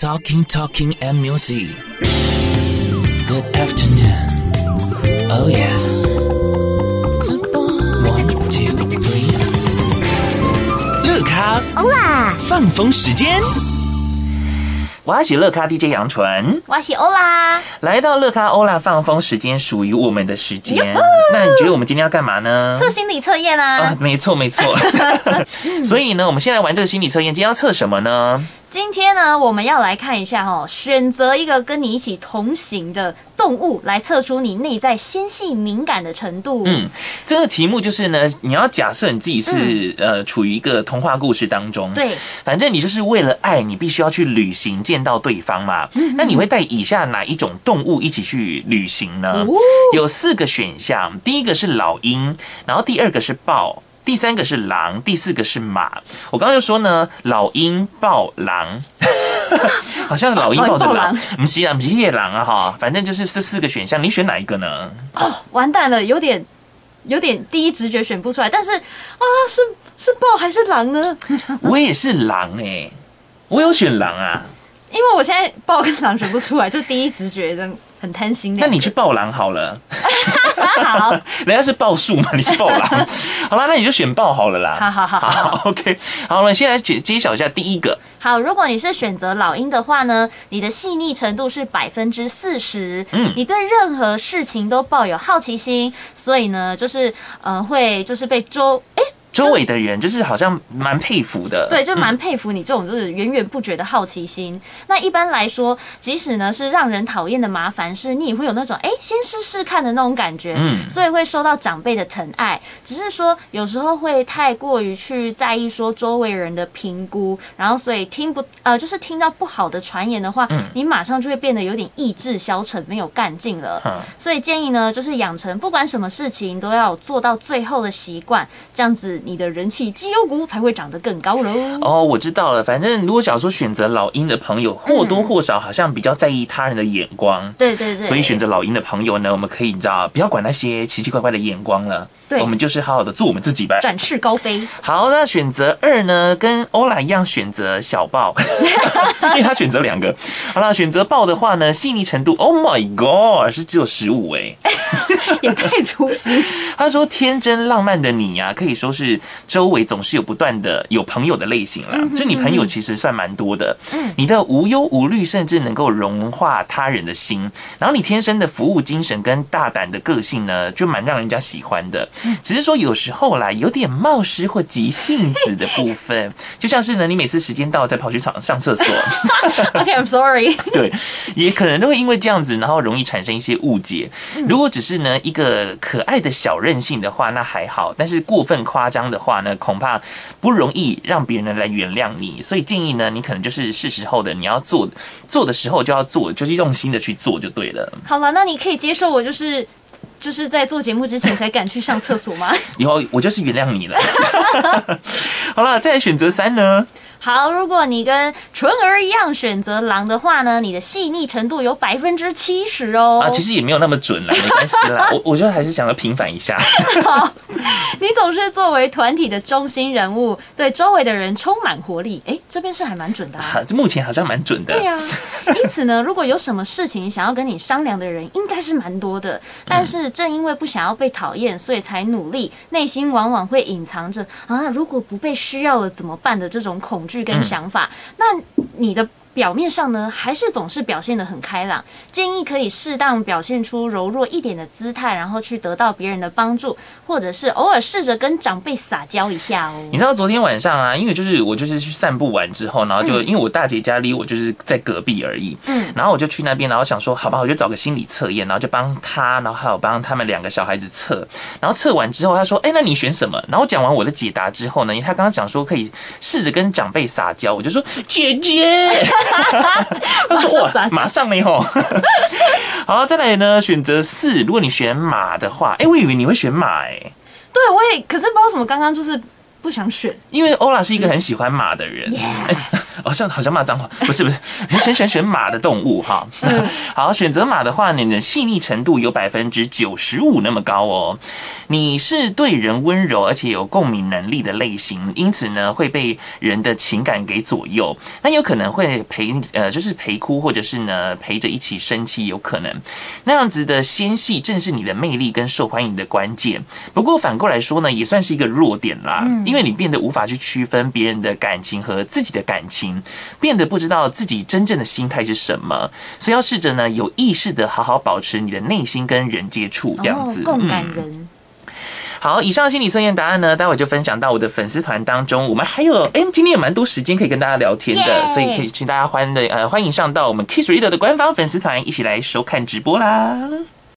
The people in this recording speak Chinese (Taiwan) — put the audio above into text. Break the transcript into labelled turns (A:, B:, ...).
A: Talking, talking, and music. Good afternoon. Oh yeah. One,
B: two,
A: three. 樂咖，歐拉，放風時間。我是樂咖 DJ 楊純，
B: 我是歐拉，
A: 來到樂咖歐拉放風時間，屬於我們的時間。那你覺得我們今天要幹嘛呢？測
B: 心理測驗啊！
A: 哦，沒錯，沒錯。 所以呢，我們先來玩這個心理測驗。今天要測什麼呢？
B: 今天呢，我們要來看一下哦，選擇一個跟你一起同行的動物，來測出你內在纖細敏感的程度。嗯，
A: 這個題目就是呢，你要假設你自己是、嗯、呃、處於一個童話故事當中。對，反正你就是為了愛，你必須要去旅行，見到對方嘛。嗯，那你會帶以下哪一種動物一起去旅行呢？有四個選項，第一個是老鷹，然後第二個是豹。第三個是狼，第四個是馬。我剛剛就說呢，老鷹、抱狼， 好像老鷹抱著狼、哦、狼，不是啊，不是也狼啊，哈，反正就是這四個選項，你選哪一個呢？哦，
B: 完蛋了，有點有點第一直覺選不出來，但是啊，是是豹還是狼呢？
A: 我也是狼哎、欸，我有選狼啊，
B: 因為我現在豹跟狼選不出來，就第一直覺很貪的很貪心。那你
A: 去豹狼好了。 好，人家是報數嘛，你是報吧。 好啦，那你就選報好了啦。好
B: 好好，好，
A: 好 OK。好，我們先來揭曉一下第一個。
B: 好，如果你是選擇老鷹的話呢，你的細膩程度是百分之四十。嗯，你對任何事情都抱有好奇心，所以呢，就是嗯、呃，會就是被捉誒。欸
A: 周圍的人就是好像蠻佩服的，對，就蠻
B: 佩服你這種就是源源不絕的好奇心。嗯、那一般來說，即使呢是讓人討厭的麻煩是你也會有那種哎、欸，先試試看的那種感覺。嗯，所以會受到長輩的疼愛，只是說有時候會太過於去在意說周圍人的評估，然後所以聽不呃，就是聽到不好的傳言的話、嗯，你馬上就會變得有點意志消沉，沒有幹勁了、嗯。所以建議呢，就是養成不管什麼事情都要做到最後的習慣，這樣子。你的人氣績優股才會長得更高嘍！
A: 哦，我知道了。反正如果想說選擇老鷹的朋友，或多或少好像比較在意他人的眼光。嗯、對
B: 對對。所以
A: 選擇老鷹的朋友呢，我們可以你知道，不要管那些奇奇怪怪的眼光了。對，我們就是好好的做我們自己吧，展翅高飛。好，那選擇二呢，跟歐拉一樣選擇小豹， 因為他選擇兩個。好了，那選擇豹的話呢，細膩程度，Oh my God，是只有十五哎，也太粗心。他說，天真浪漫的你呀、啊，可以說是。周圍總是有不斷的有朋友的類型啦，就你朋友其實算蠻多的。嗯，你的無憂無慮甚至能夠融化他人的心，然後你天生的服務精神跟大膽的個性呢，就蠻讓人家喜歡的。只是說有時候啦，有點冒失或急性子的部分，就像是呢，你每次時間到再跑去場上廁所 。
B: OK，I'm Okay , sorry。
A: 對，也可能都會因為這樣子，然後容易產生一些誤解。如果只是呢一個可愛的小任性的話，那還好，但是過分誇張。的話呢，恐怕不容易讓別人來原諒你，所以建議呢，你可能就是是時候的，你要做做的時候就要做，就是用心的去做就對了。
B: 好了，那你可以接受我就是就是在做節目之前才敢去上廁所嗎？
A: 以 後我就是原諒你了。 好了，再來選擇三呢。
B: 好，如果你跟純兒一樣選擇狼的話呢，你的細膩程度有百分之七十哦。啊，其實也
A: 沒有那麼準啦，沒關係啦。 我我覺得還是想要平反一下。好，
B: 你總是作為團體的中心人物，對周圍的人充滿活力。哎、欸，這邊是還蠻準的
A: 啊，啊，這目前好像蠻準的。對呀、
B: 啊，因此呢，如果有什麼事情想要跟你商量的人，應該是蠻多的、嗯。但是正因為不想要被討厭，所以才努力，內心往往會隱藏着啊，如果不被需要了怎麼辦的這種恐。是跟想法，嗯、那你的。表面上呢，還是總是表現得很開朗。建議可以適當表現出柔弱一點的姿態，然後去得到別人的幫助，或者是偶爾試着跟長輩撒嬌一下哦。
A: 你知道昨天晚上啊，因為就是我就是去散步完之後，然後就、嗯、因為我大姐家離我就是在隔壁而已，嗯，然後我就去那邊，然後想說，好吧，我就找個心理測驗，然後就幫他，然後還有幫他們兩個小孩子測。然後測完之後，他說，哎、欸，那你選什麼？然後講完我的解答之後呢，因為他剛剛講說可以試着跟長輩撒嬌，我就說，姐姐。 馬上沒有。”好、啊，再來呢，選擇四。如果你選馬的話，哎，我以為你會選馬哎、欸。
B: 對，我也，可是不知道為什麼，剛剛就是。不想選，
A: 因為歐啦是一個很喜歡馬的人。Yes 欸，好像好像罵髒話，不是不是，先 選，選，選選馬的動物哈。好，選擇馬的話呢，你的細膩程度有百分之九十五那麼高哦。你是對人溫柔而且有共鳴能力的類型，因此呢會被人的情感給左右，那有可能會陪呃就是陪哭或者是呢陪着一起生氣有可能。那樣子的纖細正是你的魅力跟受歡迎的關鍵，不過反過來說呢也算是一個弱點啦。嗯因為你變得無法去區分別人的感情和自己的感情，變得不知道自己真正的心態是什麼，所以要試着呢有意識的好好保持你的內心跟人接觸，這樣子。共、哦、感
B: 人、
A: 嗯。好，以上的心理測驗答案呢，待會就分享到我的粉絲團當中。我們還有，哎、欸，今天有蠻多時間可以跟大家聊天的，yeah! 所以可以請大家歡的呃歡迎上到我們 Kiss Reader 的官方粉絲團，一起來收看直播啦。